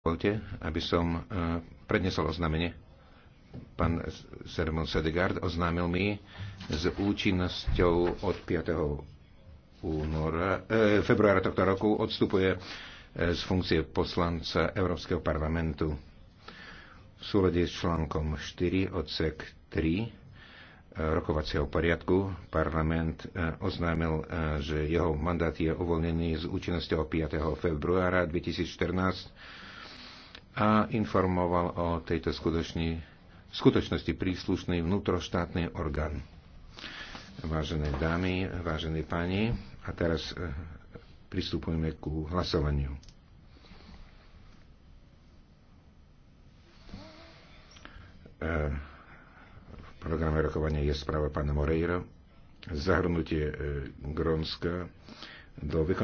Dovolte, aby som e, prednesol oznámenie. Pán Sermon Sedegard oznámil mi s účinnosťou od 5. Února, e, februára tohto roku odstupuje e, z funkcie poslanca Európskeho parlamentu. V súlede s článkom 4 odsek 3 e, rokovacieho poriadku parlament oznámil, že jeho mandát je uvoľnený s účinnosťou 5. februára 2014 a informoval o tejto skutočni, skutočnosti príslušný vnútroštátny orgán. Vážené dámy, vážení páni, a teraz eh, pristupujeme ku hlasovaniu. Eh, v programe rokovania je správa pána Moreira, zahrnutie eh, Grónska do vykonania